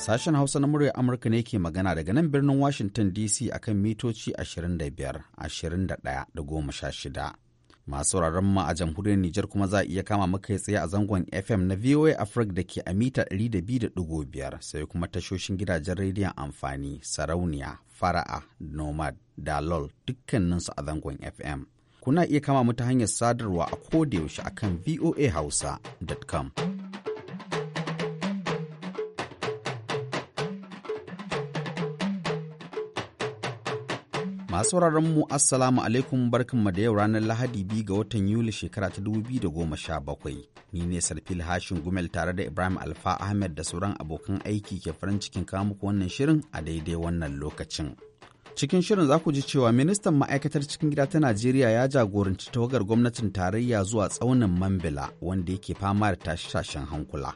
Sashen Hausa na murya Amurka ne ke magana daga nan birnin Washington DC akan mitoci 25, 21 da goma sha shida. Masu sauraron ma a jamhuriyar Nijar kuma za a iya kama maka tsaye a zangon FM na VOA Africa da ke a mita 200.5 sai kuma tashoshin gidajen rediyon amfani sarauniya, fara'a, nomad, dalol dukkaninsu a zangon FM. Kuna iya kama mu ta hanyar sadarwa a kodayaushe akan voahausa.com. A sauraron mu Assalamu alaikum barkanmu da yau ranar Lahadi biyu ga watan Yuli shekara ta da 2017. Ni ne Sarfil Hashin Gumel tare da Ibrahim Alfa Ahmed da sauran abokan aiki ke farin cikin kawo muku wannan shirin a daidai wannan lokacin. Cikin shirin za ku ji cewa ministan ma'aikatar cikin gida ta Najeriya ya jagoranci tawagar gwamnatin tarayya zuwa tsaunin Mambila wanda yake fama da tashe-tashen hankula.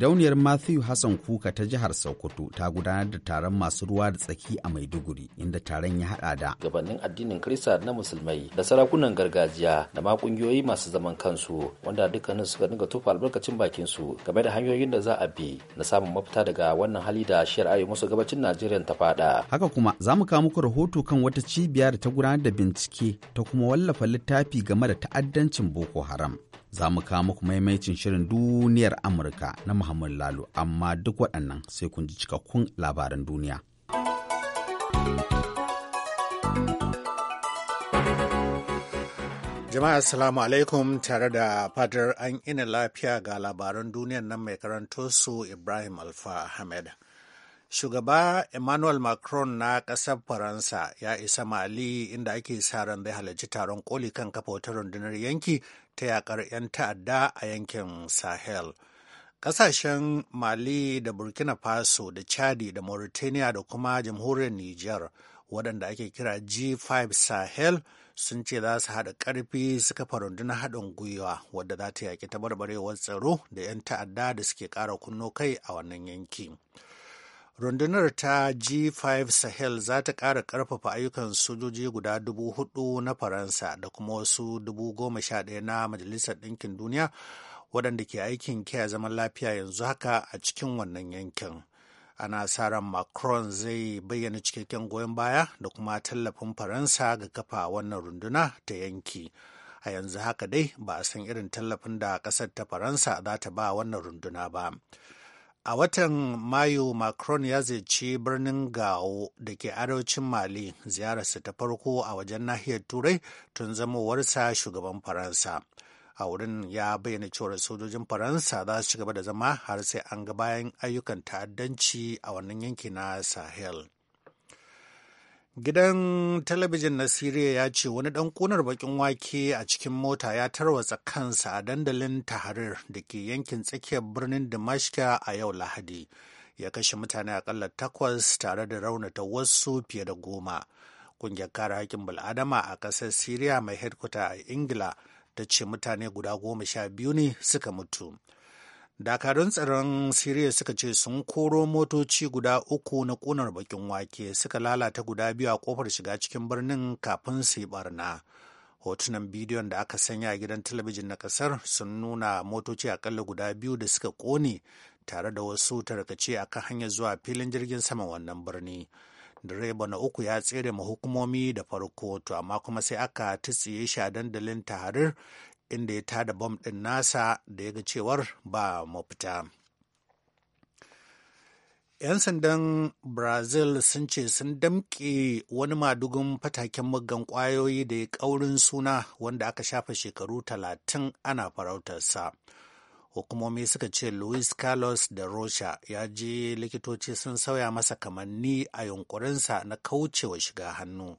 Gidauniyar Matthew Hassan Kuka ta jihar Sokoto ta gudanar da taron masu ruwa da tsaki a Maiduguri inda taron ya hada da gabanin addinin Kirista na musulmai da sarakunan gargajiya da ma kungiyoyi masu zaman kansu wanda dukkanin suka dinga tufa albarkacin bakin su game da hanyoyin da za a bi na samun mafita daga wannan hali da shiyar arewa gabacin Najeriya ta fada. Haka kuma za mu kawo muku rahoto kan wata cibiya da ta gudanar da bincike ta kuma wallafa littafi game da ta'addancin Boko Haram. za mu kawo muku maimaicin shirin duniyar Amurka na Muhammad Lalu, amma duk waɗannan sai kun ji cikakkun labaran duniya. Jama'a Assalamu alaikum tare da fadar an ina lafiya ga labaran duniyar nan mai karanto su Ibrahim Alfa Ahmed. Shugaba Emmanuel Macron na ƙasar Faransa ya isa Mali inda ake sa ran zai halarci taron koli kan kafa wata rundunar yanki ta yakar 'yan ta'adda a yankin Sahel. Ƙasashen Mali da Burkina Faso da Chadi da Mauritania da kuma jamhuriyar Niger waɗanda ake kira G5 Sahel sun ce za su haɗa ƙarfi su kafa rundunar haɗin gwiwa wadda za ta yaƙi tabarbarewar tsaro da 'yan ta'adda da suke ƙara kunno kai a wannan yanki. rundunar ta g5 sahel za ta ƙara ƙarfafa ayyukan sojoji guda dubu hudu na faransa da kuma wasu dubu goma sha ɗaya na majalisar ɗinkin duniya waɗanda ke aikin kiyaye zaman lafiya yanzu haka a cikin wannan yankin ana sa ran macron zai bayyana cikakken goyon baya da kuma tallafin faransa ga kafa wannan runduna ta yanki a yanzu haka dai ba a san irin tallafin da ƙasar ta faransa za ta ba wannan runduna ba A watan Mayu, Macron ya ziyarci birnin Gao da ke arewacin Mali ziyararsa ta farko a wajen nahiyar Turai tun zamowarsa shugaban Faransa. A wurin ya bayyana cewar sojojin Faransa za su ci gaba da zama har sai an ga bayan ayyukan ta'addanci a wannan yanki na Sahel. Gidan talabijin na Siriya ya ce wani ɗan ƙunar baƙin wake a cikin mota ya tarwatsa kansa a dandalin Tahrir da ke yankin tsakiyar birnin Damashka a yau Lahadi. Ya kashe mutane akalla takwas tare da raunata wasu fiye da goma. Ƙungiyar kare haƙƙin bil'adama a ƙasar Siriya mai hedkwata a Ingila ta ce mutane guda goma sha biyu ne suka mutu. dakarun tsaron siriya suka ce sun koro motoci guda uku na ƙunar bakin wake suka lalata guda biyu a kofar shiga cikin birnin kafin su yi barna hotunan bidiyon da aka sanya a gidan talabijin na ƙasar sun nuna motoci akalla guda biyu da suka kone tare da wasu tarkace a kan hanyar zuwa filin jirgin sama wannan birni direba na uku ya tsere mahukumomi da farko to amma kuma sai aka tutsiye shi a dandalin taharir inda ya tada bom ɗin nasa da ya ga cewar ba mafita. 'yan sandan brazil sun ce sun damƙe wani madugun fataken muggan ƙwayoyi da ya ƙaurin suna wanda aka shafa shekaru talatin ana farautarsa hukumomi suka ce luis carlos da rocha ya je likitoci sun sauya masa kamanni a yunkurinsa na kaucewa shiga hannu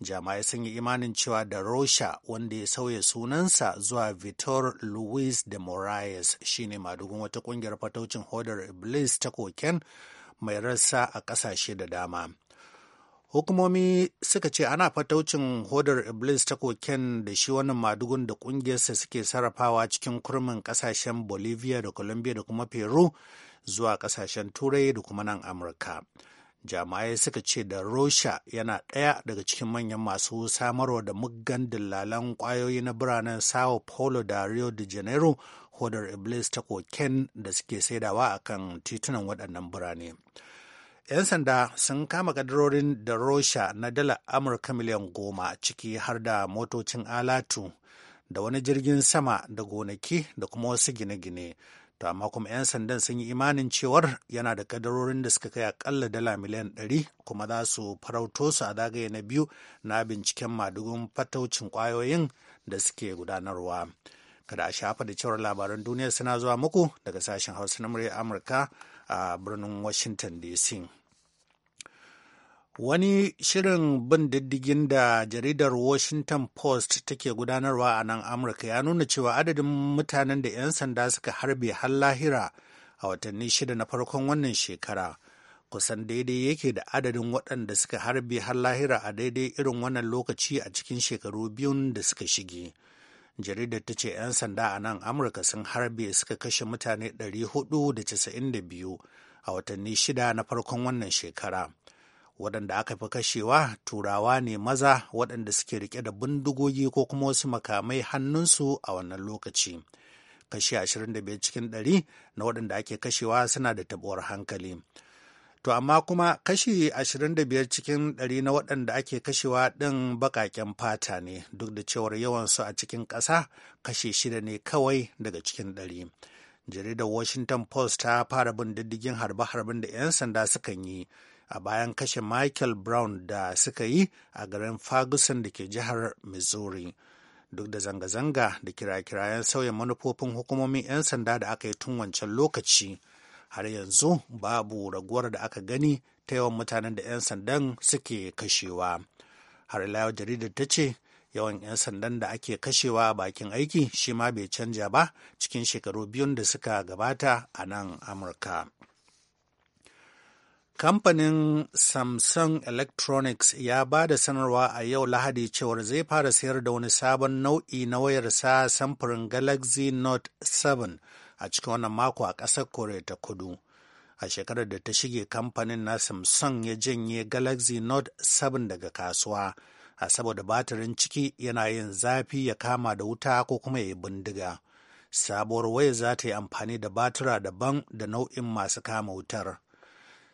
jama'ai sun yi imanin cewa da rosha wanda ya sauya sunansa zuwa vitor luis de moraes shine madugun wata kungiyar fataucin hodar iblis ta koken mai rassa a ƙasashe da dama hukumomi suka ce ana fataucin hodar iblis ta koken da shi wannan madugun da kungiyarsa suke sarrafawa cikin kurmin kasashen bolivia da colombia da kuma peru zuwa kasashen turai da kuma nan amurka Jami'ai suka ce da rosha yana ɗaya daga cikin manyan masu samarwa da muggan dillalan ƙwayoyi na biranen sao paulo da rio de janeiro hodar iblis ta koken da suke saidawa a kan titunan waɗannan birane 'yan sanda sun kama kadarorin da rosha na dala amurka miliyan goma ciki har da motocin alatu da wani jirgin sama da gonaki da kuma wasu gine-gine to amma kuma 'yan sandan sun yi imanin cewar yana da kadarorin da suka kai akalla dala miliyan 100 kuma za su farauto su a zagaye na biyu na binciken madugun fataucin kwayoyin da suke gudanarwa kada a shafa da cewar labaran duniya suna zuwa muku daga sashen hausa na murya amurka a birnin washington dc Wani shirin bin diddigin da jaridar Washington Post take gudanarwa a nan Amurka ya nuna cewa adadin mutanen da 'yan sanda suka harbe har lahira a watanni shida na farkon wannan shekara. Kusan daidai yake da adadin waɗanda suka harbe har lahira a daidai irin wannan lokaci a cikin shekaru biyun da suka shige. Jaridar ta ce 'yan sanda a nan Amurka sun harbe suka kashe mutane 492 a watanni shida na farkon wannan shekara. waɗanda aka fi kashewa turawa ne maza waɗanda suke rike da bindigogi ko kuma wasu makamai hannunsu a wannan lokaci kashi 25 cikin 100 na waɗanda ake kashewa suna da tabuwar hankali to amma kuma kashi 25 cikin 100 na waɗanda ake kashewa ɗin baƙaƙen fata ne duk da cewar yawansu a cikin ƙasa kashe shida ne kawai daga cikin ɗari jaridar washington post ta fara bin diddigin harbe-harben da 'yan sanda sukan yi a bayan kashe Michael Brown da suka yi a garin Ferguson da ke jihar Missouri. Duk da zanga-zanga da kira-kirayen sauya manufofin hukumomin 'yan sanda da aka yi tun wancan lokaci, har yanzu babu raguwar da aka gani ta yawan mutanen da 'yan sandan suke kashewa. Har ila jaridar ta ce, yawan 'yan sandan da ake kashewa a bakin aiki shi ma bai canja ba cikin shekaru biyun da suka gabata a nan Amurka. Kamfanin Samsung Electronics ya ba da sanarwa a yau Lahadi cewar zai fara sayar da wani sabon nau'i na wayarsa samfurin Galaxy Note 7 a cikin wannan mako a ƙasar Koriya ta Kudu. A shekarar da ta shige kamfanin na Samsung ya janye Galaxy Note 7 daga kasuwa, a saboda batirin ciki yana yin zafi ya kama da wuta ko kuma ya yi bindiga. Sabuwar waya za ta yi amfani da batira daban da nau'in masu kama wutar.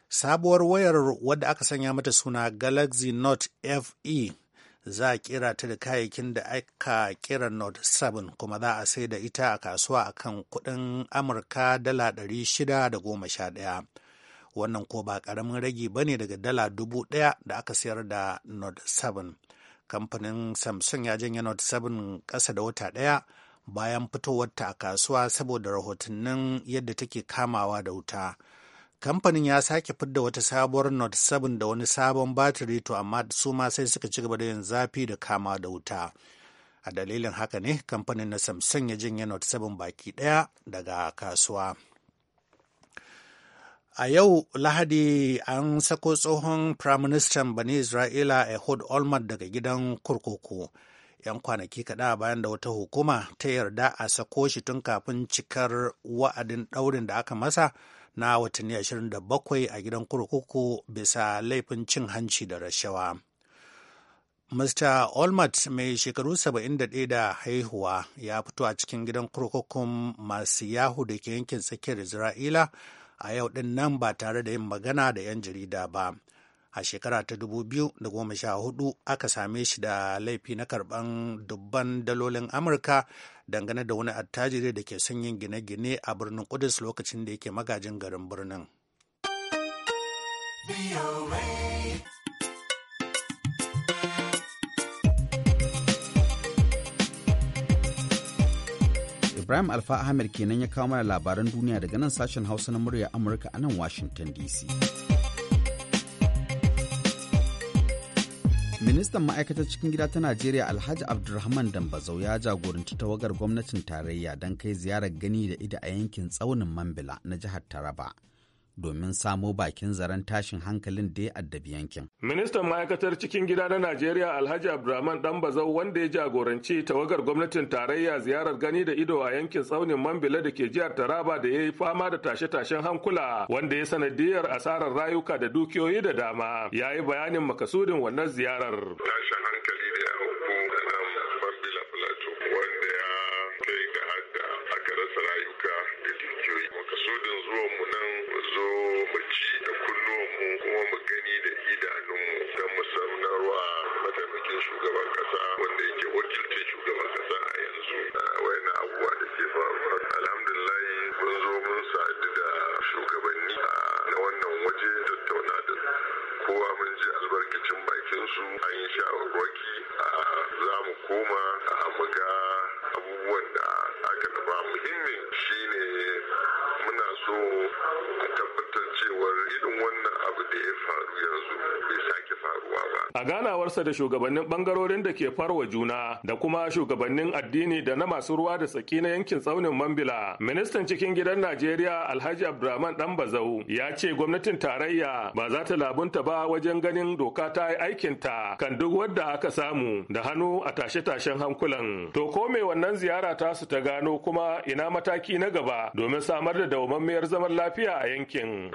Sabuwar wayar wadda aka sanya mata suna Galaxy Note FE za a kira ta da kayayyakin da aka kira Note 7 kuma za a sai da ita a kasuwa a kan kuɗin Amurka dala 611. Wannan ko ba ƙaramin ragi ba ne daga dala 1000 da aka sayar da Note 7. Kamfanin Samsung ya janye Note 7 ƙasa da wata daya bayan fitowarta a kasuwa saboda rahotannin yadda take kamawa da wuta. kamfanin ya sake fidda wata sabuwar note 7 da wani sabon batiri to amma su ma sai suka ci gaba da yin zafi da kama da wuta a dalilin haka ne kamfanin na samsung ya jinye note 7 baki ɗaya daga kasuwa a yau lahadi an sako tsohon firaministan bani isra'ila ehud olmert daga gidan kurkuku 'yan kwanaki kaɗa bayan da wata hukuma ta yarda a sako shi tun kafin cikar wa'adin ɗaurin da aka masa na watanni 27 a gidan kurkuku bisa laifin cin hanci da rashawa. Mr. Olmert mai shekaru 71 da haihuwa ya fito a cikin gidan kurkukun masu yahu da ke yankin tsakiyar Isra'ila a yau din nan ba tare da yin magana da 'yan jarida ba. a shekara ta 2014 aka same shi da laifi na karban dubban dalolin amurka dangane da wani attajiri da ke son yin gine-gine a birnin kudus lokacin da yake magajin garin birnin Ibrahim Alfa Ahmed kenan ya kawo mana labaran duniya daga nan sashen Hausa na murya Amurka a nan Washington DC. ministan ma'aikatar cikin gida ta najeriya alhaji abdulrahman dambazau ya jagoranci tawagar gwamnatin tarayya don kai ziyarar gani da ida a yankin tsaunin mambila na jihar taraba domin samo bakin zaren tashin hankalin da ya addabi yankin. Ministan ma'aikatar cikin gida na Najeriya Alhaji Abdulrahman Bazau wanda ya jagoranci tawagar gwamnatin tarayya ziyarar gani da ido a yankin tsaunin Mambila da ke jihar Taraba da ya yi fama da tashe-tashen hankula wanda ya sanadiyar asarar rayuka da dukiyoyi da dama. Ya yi bayanin makasudin wannan ziyarar. Tashin hankali da shi da kunnuwanmu kuma mu gani da idanu tattaunawarsa da shugabannin ɓangarorin da ke farwa juna da kuma shugabannin addini da na masu ruwa da tsaki na yankin tsaunin Mambila. Ministan cikin gidan Najeriya Alhaji Abdurrahman bazau ya ce gwamnatin tarayya ba za ta labunta ba wajen ganin doka ta yi aikinta kan duk wadda aka samu da hannu a tashe-tashen hankulan. To ko me wannan ziyara ta su ta gano kuma ina mataki na gaba domin samar da dawamammiyar zaman lafiya a yankin.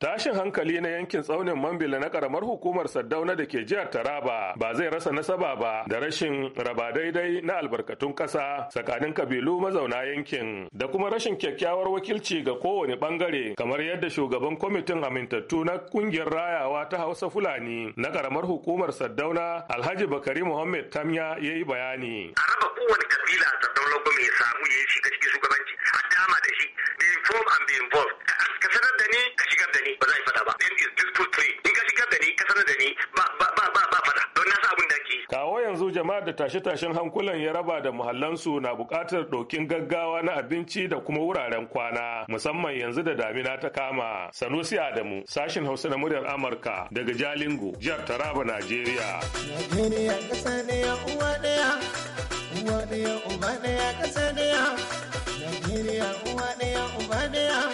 Tashin hankali na yankin tsaunin Mambila na karamar hukumar Saddauna da ke jihar Taraba ba zai rasa nasaba ba da rashin raba daidai na albarkatun ƙasa tsakanin kabilu mazauna yankin da kuma rashin kyakkyawar wakilci ga kowane bangare kamar yadda shugaban kwamitin amintattu na kungiyar rayawa ta Hausa Fulani na karamar hukumar Saddauna Alhaji Bakari Muhammad Tamya ya yi bayani. A raba kowane kabila Saddauna ya samu ya shiga cikin shugabanci a dama da shi be and be involved ni ka shigar da ni ba za a yi fada ba then is dispute three in ka shigar da ni ka sanar da ni ba ba ba ba ba fada don na sa abin da ake kawo yanzu jama'ar da tashe-tashen hankulan ya raba da muhallansu na buƙatar ɗokin gaggawa na abinci da kuma wuraren kwana musamman yanzu da damina ta kama sanusi adamu sashin hausa na muryar amurka daga jalingo jihar taraba najeriya Najeriya uwa ɗaya, uba ɗaya,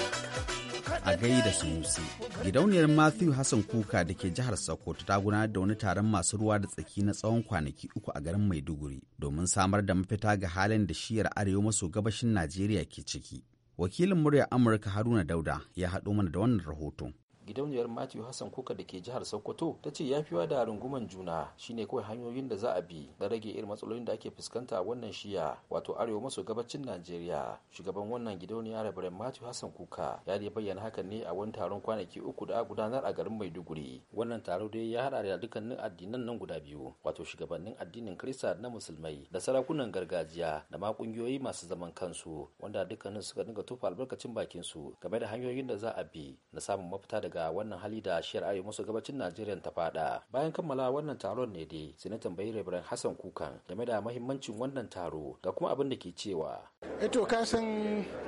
a gaida sunusi gidauniyar matthew hassan kuka da ke jihar sokoto ta gudanar da wani taron masu ruwa da tsaki na tsawon kwanaki uku a garin maiduguri domin samar da mafita ga halin da shiyar arewa maso gabashin najeriya ke ciki wakilin Murya amurka haruna dauda ya haɗo mana da wannan rahoton gidauniyar Matthew Hassan Kuka da ke jihar Sokoto ta ce ya fiwa da runguman juna shine kawai hanyoyin da za a bi da rage irin matsalolin da ake fuskanta a wannan shiya wato arewa maso gabacin Najeriya. Shugaban wannan gidauniya Reverend Matthew Hassan Kuka ya dai bayyana hakan ne a wani taron kwanaki uku da a gudanar a garin Maiduguri. Wannan taro dai ya hada da dukkanin addinan nan guda biyu wato shugabannin addinin Kirista na Musulmai da sarakunan gargajiya da ma kungiyoyi masu zaman kansu wanda dukkanin suka dinga tufa albarkacin bakin su game da hanyoyin da za a bi na samun mafita daga daga wannan hali da shiyar masu gabacin najeriya ta fada bayan kammala wannan taron ne dai sai na tambayi rabiran hassan kukan game da mahimmancin wannan taro ga kuma abin da ke cewa eto eh ka san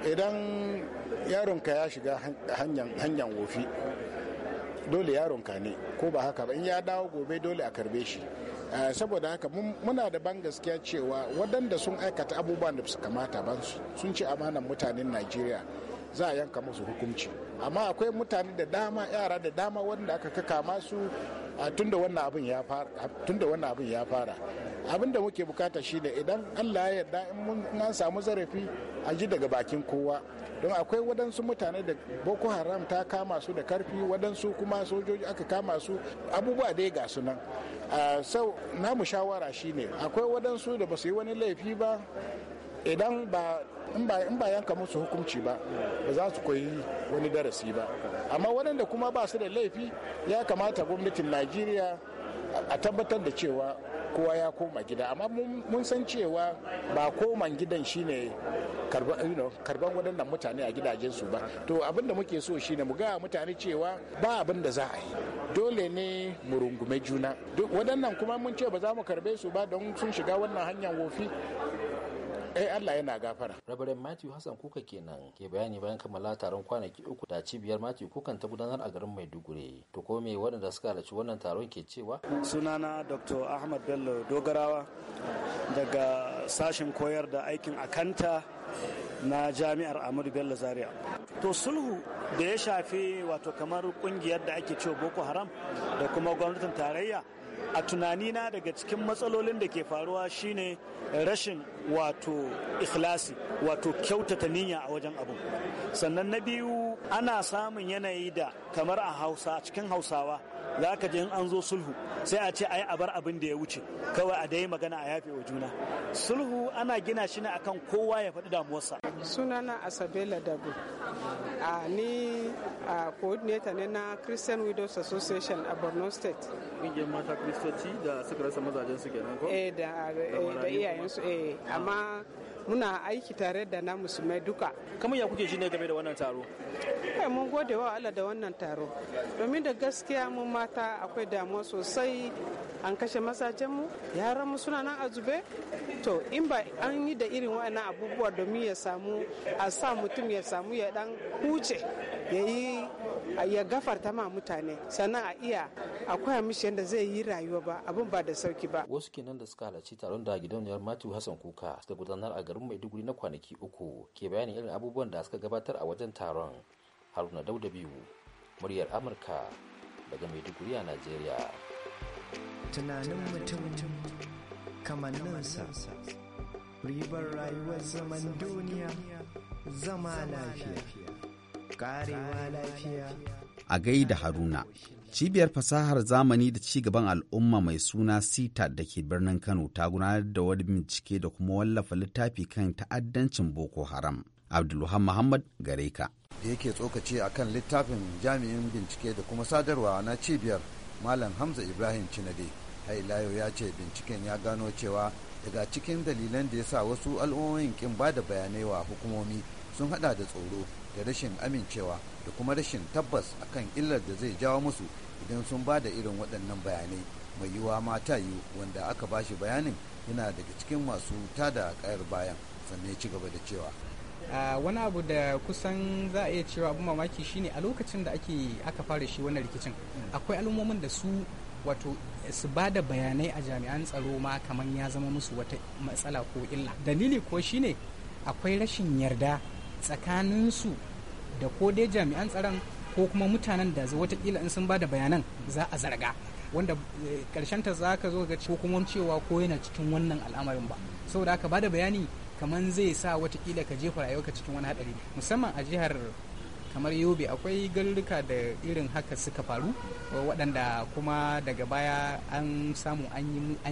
idan yaronka ya shiga hanyar wofi dole yaronka ne ko ba haka ba in ya dawo gobe dole a karbe shi eh, saboda haka muna da ban gaskiya cewa waɗanda sun aikata abubuwan da su kamata ba sun ci amanan mutanen najeriya za a yanka musu hukunci amma akwai mutane da dama yara da dama wanda aka kama su tun da wannan abin ya fara abin da muke bukata shine idan allah ya yarda in an samu zarafi a ji daga bakin kowa don akwai waɗansu mutane da boko haram ta kama su da karfi waɗansu kuma sojoji aka kama su abubuwa dai ga su nan sau namu shawara shine akwai waɗansu da ba su yi wani laifi ba idan ba in ba yanka musu hukunci ba ba za su koyi wani darasi ba amma waɗanda kuma ba su da laifi ya kamata gwamnatin najeriya a tabbatar da cewa kowa ya koma gida amma mun san cewa ba koman gidan shine karban waɗannan mutane a gidajensu ba to abin da muke so shine mu ga mutane cewa ba abin da za a yi dole ne mu rungume juna waɗannan kuma mun ce ba za mu karbe su ba don sun shiga wannan hanyar wofi eh Allah yana gafara rabaren Matthew Hassan Kuka kenan ke bayani bayan kammala taron kwanaki uku da cibiyar Matthew Kukan ta gudanar a garin Maiduguri to ko me waɗanda suka halarci wannan taron ke cewa sunana Dr. Ahmad Bello Dogarawa daga sashen koyar da aikin akanta na jami'ar Ahmadu Bello Zaria to sulhu da ya shafi wato kamar ƙungiyar da ake cewa Boko Haram da kuma gwamnatin tarayya a tunanina daga cikin matsalolin da ke faruwa shine rashin wato ikhlasi wato kyautata niyya a wajen abu sannan na biyu ana samun yanayi da kamar a hausa cikin hausawa za ka ji in an zo sulhu sai a ce ai a bar abin da ya wuce kawai a dai magana a yafe wa juna sulhu ana gina shi ne akan kowa ya faɗi damuwarsa sunana asabela dago a ni a coordinator ne na christian widows association a borno state ƙungiyar mata kristoci da suka rasa mazajen su kenan ko eh da eh, iyayensu eh ah. amma muna aiki tare da na musulmai duka kamar ya kuke shi ne game da wannan taro kai mun gode wa Allah da wannan taro domin da gaskiya mun mata akwai damuwa sosai an kashe masajenmu yaran mu suna nan a zube to in ba an yi da irin wa'annan abubuwa domin ya samu a sa mutum ya samu ya dan huce ya yi ya gafarta ma mutane sannan a iya akwai mishi yadda zai yi rayuwa ba abin ba da sauki ba wasu kenan da suka halarci taron da gidauniyar Matthew Hassan Kuka suka gudanar a garin Maiduguri na kwanaki uku ke bayanin irin abubuwan da suka gabatar a wajen taron haruna dauda biyu muryar amurka daga maiduguri a najeriya tunanin mutum kamanninsa ribar rayuwar zaman duniya zama lafiya karewa lafiya a gaida haruna cibiyar fasahar zamani da ci gaban al'umma mai suna sita da ke birnin kano ta gudanar da wani bincike da kuma wallafa littafi kan ta'addancin boko haram abdulluhan muhammad gare ka da yake tsokaci a kan littafin jami'in bincike da kuma sadarwa na cibiyar malam hamza ibrahim cinade hailayo ya ce binciken ya gano cewa daga cikin dalilan da ya sa wasu al'ummomin kin ba da bayanai wa hukumomi sun hada da tsoro da rashin amincewa da kuma rashin tabbas a kan illar da zai jawo musu idan sun ba da irin waɗannan bayanai mai yiwuwa mata yi wanda aka bashi bayanin yana daga cikin masu tada kayar bayan sannan ya ci gaba da cewa wani abu da kusan za a iya cewa abin mamaki shine a lokacin da ake aka fara shi wannan rikicin mm. akwai al'ummomin da su wato su ba da bayanai a jami'an tsaro ma kamar ya zama musu wata matsala ko illa dalili ko shine akwai rashin yarda tsakaninsu da ko dai jami'an tsaron ko kuma mutanen da watakila in sun ba da bayanan za a zarga wanda eh, ta za ka zo ga ko kuma cewa ko yana cikin wannan al'amarin ba saboda aka ba da bayani kamar zai sa watakila ka jefa rayuwarka cikin wani hadari musamman a jihar kamar yobe akwai garuruka da irin haka suka faru waɗanda kuma daga baya an samu an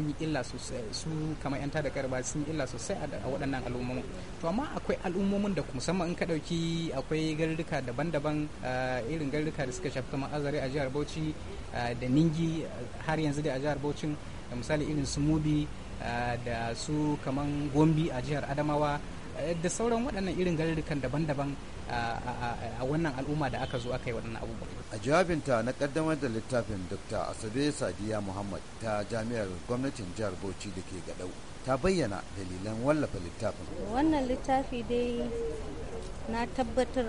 yi illa sosai su kamar 'yan tada karba sun yi illa sosai a waɗannan al'ummomin to amma akwai al'ummomin da musamman in ka ɗauki akwai garuruka daban-daban eh, irin garuruka da suka shafi kamar azare a jihar bauchi eh, da ningi har yanzu da a jihar bauchi da misali irin su mubi da su kamar gombi a jihar adamawa eh, da sauran waɗannan irin garurrukan daban-daban a wannan al'umma da aka zo aka yi waɗannan abubuwa. A jawabinta na ƙaddamar da littafin Dr. Asabe Sadiya Muhammad ta jami'ar gwamnatin jihar Bauchi da ke Gaɗau ta bayyana dalilan wallafa littafin. Wannan littafi dai na tabbatar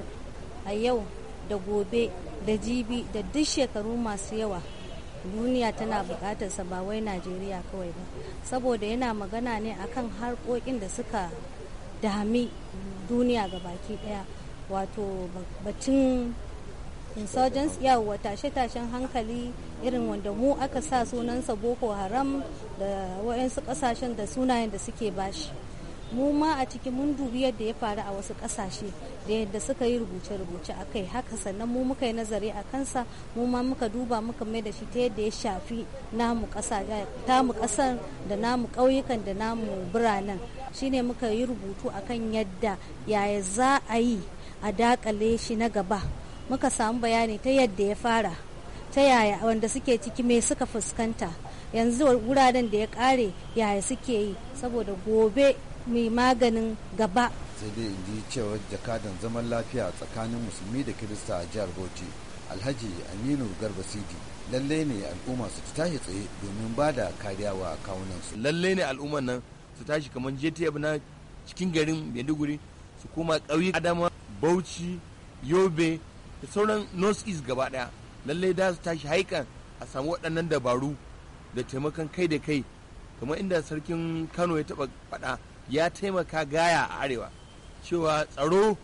a yau da gobe da jibi da duk shekaru masu yawa duniya tana bukatarsa ba wai najeriya kawai ba saboda yana magana ne akan harkokin da suka dami duniya ga baki daya wato batun insurgents yawa tashe-tashen hankali irin wanda mu aka sa sunansa boko haram da wayansu kasashen da sunayen da suke bashi mu ma a ciki mun dubi yadda ya faru a wasu kasashe da yadda suka yi rubuce-rubuce a kai haka sannan mu muka yi nazari a kansa mu ma muka duba muka mai da shi ta yadda ya shafi namu eh, tamu kasar da namu ƙauyukan da namu biranen shine muka yi rubutu a kan yadda yaya za a yi a dakale shi na gaba muka samu bayani ta yadda ya fara ta yaya wanda suke ciki me suka fuskanta yanzu wuraren da ya kare yaya suke yi saboda gobe mai maganin gaba sai dai in ji cewar jakadan zaman lafiya tsakanin musulmi da kirista a jihar bauchi alhaji aminu garba sidi lallai ne al'umma su tashi tsaye domin ba da kariya wa kawunansu lallai ne al'umman nan su tashi kamar jtf na cikin garin maiduguri su koma ƙauye adama bauchi yobe da sauran north east gaba daya lallai da su tashi haikan a samu waɗannan dabaru da taimakon kai da kai kamar inda sarkin kano ya taɓa faɗa ya taimaka gaya a arewa cewa tsaro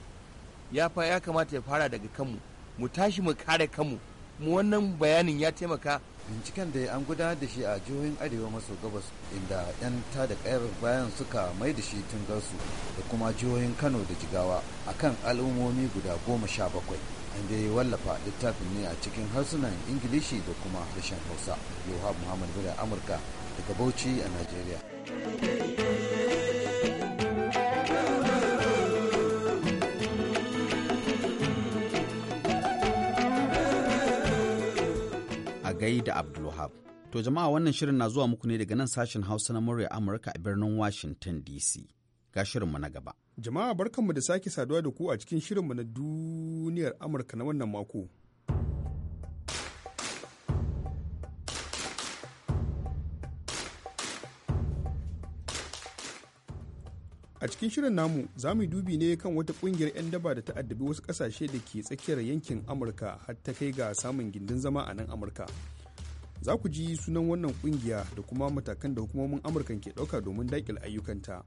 ya kamata ya fara daga kanmu mu tashi mu kare kanmu mu wannan bayanin ya taimaka binciken da an gudanar da shi a jihohin arewa maso gabas inda 'yan ta da kayar bayan suka mai da shi tun tungarsu da kuma jihohin kano da jigawa a kan al'ummomi guda goma sha bakwai inda ya wallafa littafin ne a cikin harsunan ingilishi da kuma harshen hausa yohab muhammad bula amurka daga bauchi a nigeria gaida Abdulwahab. To jama'a wannan shirin na zuwa muku ne daga nan sashen Hausa na murya Amurka a birnin Washington DC. Ga shirinmu na gaba. Jama'a barkanmu da sake saduwa da ku a cikin shirinmu na duniyar Amurka na wannan mako. a cikin shirin namu za mu dubi ne kan wata kungiyar 'yan daba da ta addabi wasu kasashe da ke tsakiyar yankin amurka har ta kai ga samun gindin zama a nan amurka za ku ji sunan wannan kungiya da kuma matakan da hukumomin Amurka ke ɗauka domin daƙil ayyukanta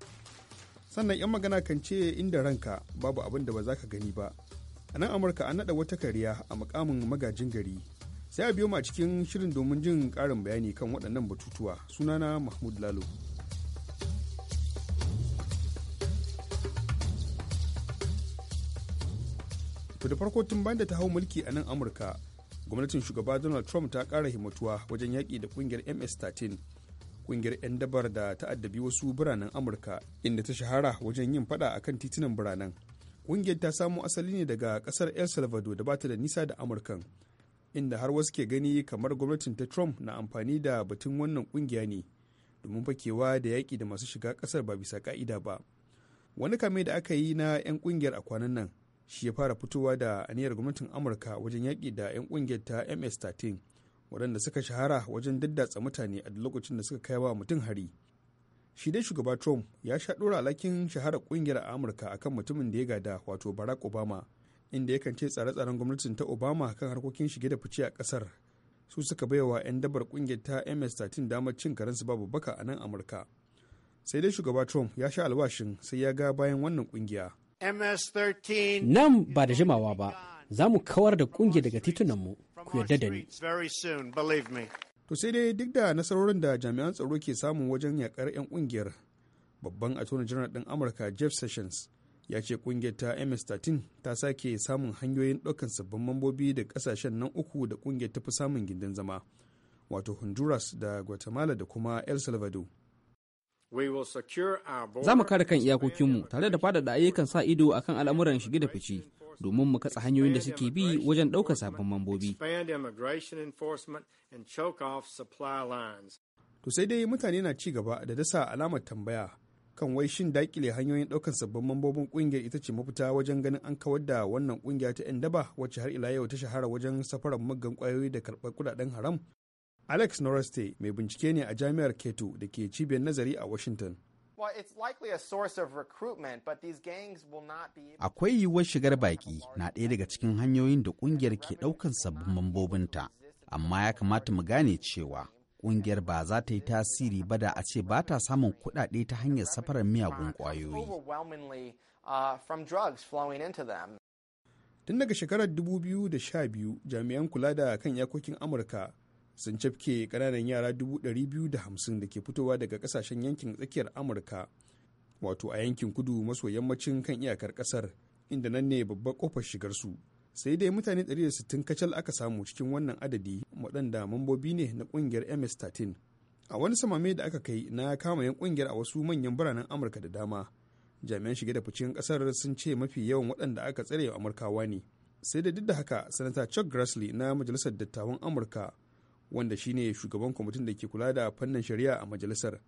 sannan 'yan magana kan ce inda ranka babu abin da ba za ka gani ba a nan amurka an naɗa wata kariya a mukamin magajin gari sai a biyo ma cikin shirin domin jin ƙarin bayani kan waɗannan batutuwa sunana mahmud lalo To da farko tun bayan da ta hau mulki a nan Amurka, gwamnatin shugaba Donald Trump ta kara himmatuwa wajen yaƙi da ƙungiyar MS-13, ƙungiyar 'yan dabar da ta addabi wasu biranen Amurka inda ta shahara wajen yin fada kan titunan biranen. Ƙungiyar ta samo asali ne daga ƙasar El Salvador da bata da nisa da Amurkan, inda har wasu ke gani kamar gwamnatin ta Trump na amfani da batun wannan ƙungiya ne domin fakewa da yaƙi da masu shiga ƙasar ba bisa ƙa'ida ba. Wani kame da aka yi na 'yan ƙungiyar a kwanan nan shi ya fara fitowa da aniyar gwamnatin amurka wajen yaƙi da 'yan ƙungiyar ta ms-13 waɗanda suka shahara wajen daddatsa mutane a lokacin da suka kai wa mutum hari shi dai shugaba trump ya sha ɗora alakin shahara ƙungiyar a amurka akan mutumin da ya gada wato barack obama inda ya kance tsare-tsaren gwamnatin ta obama kan harkokin shige da fice a ƙasar su suka baiwa 'yan dabar ƙungiyar ta ms-13 damar cin karensu babu baka a nan amurka sai dai shugaba trump ya sha alwashin sai ya ga bayan wannan ƙungiya Nan ba da jimawa ba, za mu kawar da ƙungiya daga titunanmu ku yarda da ni. To sai dai duk da nasarorin da jami'an tsaro ke samun wajen yakar 'yan ƙungiyar, babban attorney general ɗin Amurka Jeff Sessions ya ce ƙungiyar ta MS-13 ta sake samun hanyoyin ɗaukan sabbin mambobi da ƙasashen nan uku da ƙungiyar ta fi samun gindin zama, wato Honduras da Guatemala da kuma El Salvador. Za mu kare kan iyakokinmu tare da faɗaɗa ayyukan sa ido a kan al'amuran shige da fice domin mu katsa hanyoyin da suke bi wajen ɗaukar sabbin mambobi. To sai dai mutane na ci gaba da dasa alamar tambaya kan wai shin daƙile hanyoyin ɗaukar sabbin mambobin ƙungiyar ita ce mafita wajen ganin an kawar da wannan ƙungiya ta 'yan daba wacce har ila yau ta shahara wajen safarar muggan ƙwayoyi da karɓar kudaden haram Alex Noreste mai bincike ne a jami'ar Keto da ke cibiyar nazari a Washington. Akwai yiwuwar shigar baƙi na ɗaya daga cikin hanyoyin da ƙungiyar ke ɗaukan sabbin mambobinta, amma ya kamata mu gane cewa ƙungiyar ba za ta yi tasiri ba da a ce ba ta samun kuɗaɗe ta hanyar safarar miyagun uh, ƙwayoyi. Uh, Tun daga shekarar 2012, jami'an kula da kan iyakokin Amurka sun cafke kananan yara 250 da ke fitowa daga kasashen yankin tsakiyar amurka wato a yankin kudu maso yammacin kan iyakar kasar inda nan ne babbar kofar shigarsu sai dai mutane 160 kacal aka samu cikin wannan adadi waɗanda mambobi ne na ƙungiyar ms-13 a wani samame da aka kai na kama yan ƙungiyar a wasu manyan biranen amurka da dama jami'an shige da ficen ƙasar sun ce mafi yawan waɗanda aka tsare amurkawa ne sai da duk da haka sanata chuck grassley na majalisar dattawan amurka wanda shine shugaban kwamitin da ke kula da fannin shari'a a majalisar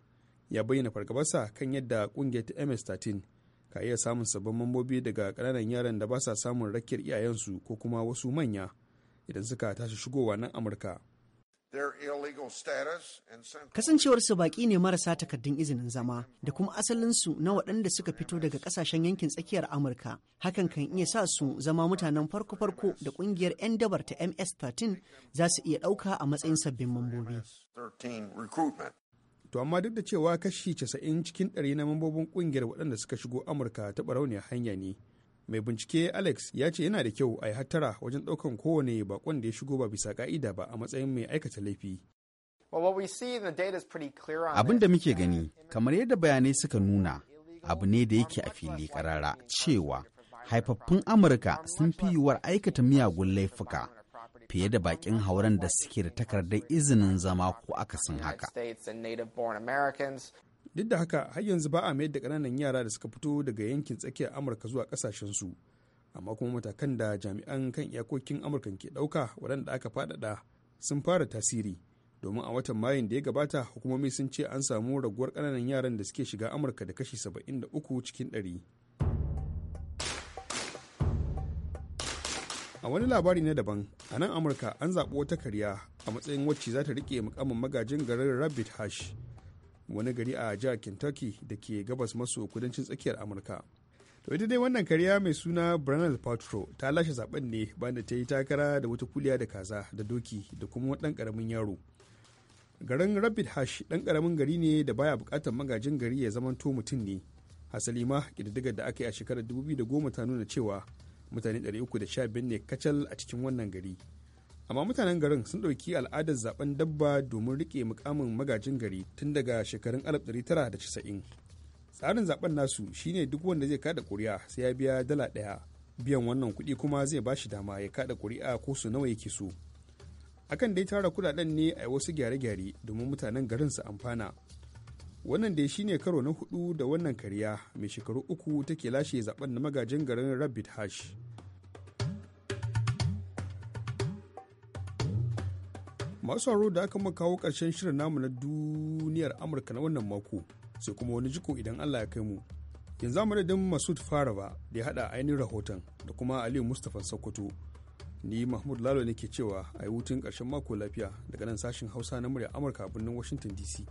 ya bayyana fargabarsa kan yadda kungiyar ta ms-13 ka iya samun sabbin mambobi daga kananan yaran da ba sa samun rakiyar iyayensu ko kuma wasu manya idan suka tashi shigowa nan amurka Kasancewarsu baƙi ne marasa takardun izinin zama da kuma asalinsu na waɗanda suka fito daga ƙasashen yankin tsakiyar Amurka. Hakan kan iya sa su zama mutanen farko-farko da ƙungiyar 'yan dabar ta MS-13 za su iya ɗauka a matsayin sabbin mambobi. To amma duk da cewa kashi 90 cikin ɗari na mambobin ƙungiyar waɗanda suka shigo Amurka ta ne hanya ne. mai bincike alex ya ce yana da kyau a yi hattara wajen ɗaukan kowane bakon da ya shigo ba bisa ka'ida ba a matsayin mai aikata laifi abin da muke gani kamar yadda bayanai suka nuna abu ne da yake a fili karara cewa haifaffun amurka sun fi yiwuwar aikata miyagun laifuka fiye da bakin hauren da suke da takardar izinin zama ko akasin haka duk da haka har yanzu ba a mayar da ƙananan yara da suka fito daga yankin tsakiyar amurka zuwa su amma kuma matakan da jami'an kan iyakokin amurka ke ɗauka waɗanda aka faɗaɗa sun fara tasiri domin a watan mayun da ya gabata hukumomi sun ce an samu raguwar ƙananan yaran da suke shiga amurka da kashi 73 cikin ɗari. a wani labari na daban a nan amurka an zaɓi wata karya a matsayin wacce za ta riƙe mukamin magajin garin rabbit hash wani gari a jihar kentucky da ke gabas maso kudancin tsakiyar amurka to ita dai wannan kariya mai suna bernard patro ta lashe zaben ne bayan da ta yi takara da wata kuliya da kaza da doki da kuma wani dan karamin yaro garin rapid hash dan karamin gari ne da baya bukatar magajin gari ya zamanto mutum ne hasali ma kididdigar da aka yi a shekarar 2010 ta nuna cewa mutane 315 ne kacal a cikin wannan gari amma mutanen garin sun ɗauki al'adar zaben dabba domin rike mukamin magajin gari tun daga shekarun 1990 tsarin zaben nasu shine duk wanda zai kada kuri'a sai ya biya dala ɗaya biyan wannan kuɗi kuma zai ba shi dama ya kada kuri'a ko su nawa yake so akan dai tara kudaden ne a wasu gyare-gyare domin mutanen garin su amfana wannan dai shine karo na hudu da wannan kariya mai shekaru uku take lashe zaben na magajin garin rabbit hash masu haro da aka kawo ƙarshen shirin namu na duniyar amurka na wannan mako sai kuma wani jiko idan allah ya kai mu yanzu madadin masud faraba da ya haɗa ainihin rahoton da kuma aliyu mustapha sokoto ni mahmud lalo ne ke cewa a yi hutun ƙarshen mako lafiya daga nan sashen hausa na murya amurka a birnin washington dc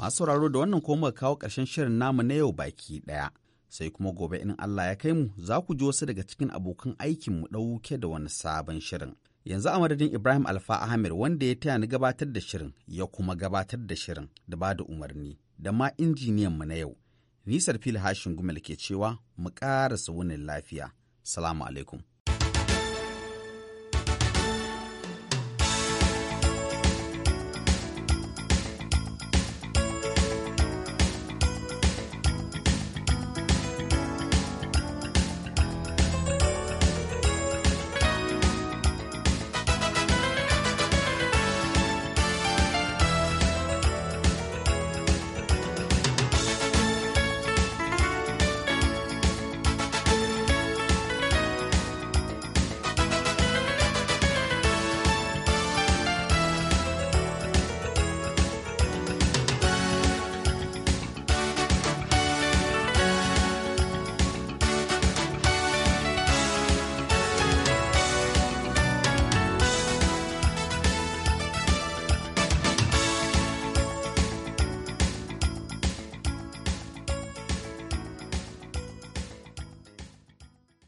Masu sauraro da wannan kuma kawo ƙarshen shirin namu na yau baki ɗaya. Sai kuma gobe in Allah ya kai mu za ku ji wasu daga cikin abokan aikin mu ɗauke da wani sabon shirin. Yanzu a madadin Ibrahim Alfa Ahmed wanda ya taya ni gabatar da shirin ya kuma gabatar da shirin da ba da umarni da ma injiniyan mu na yau. Nisar fil hashin gumel ke cewa mu ƙara wunin lafiya. Salamu alaikum.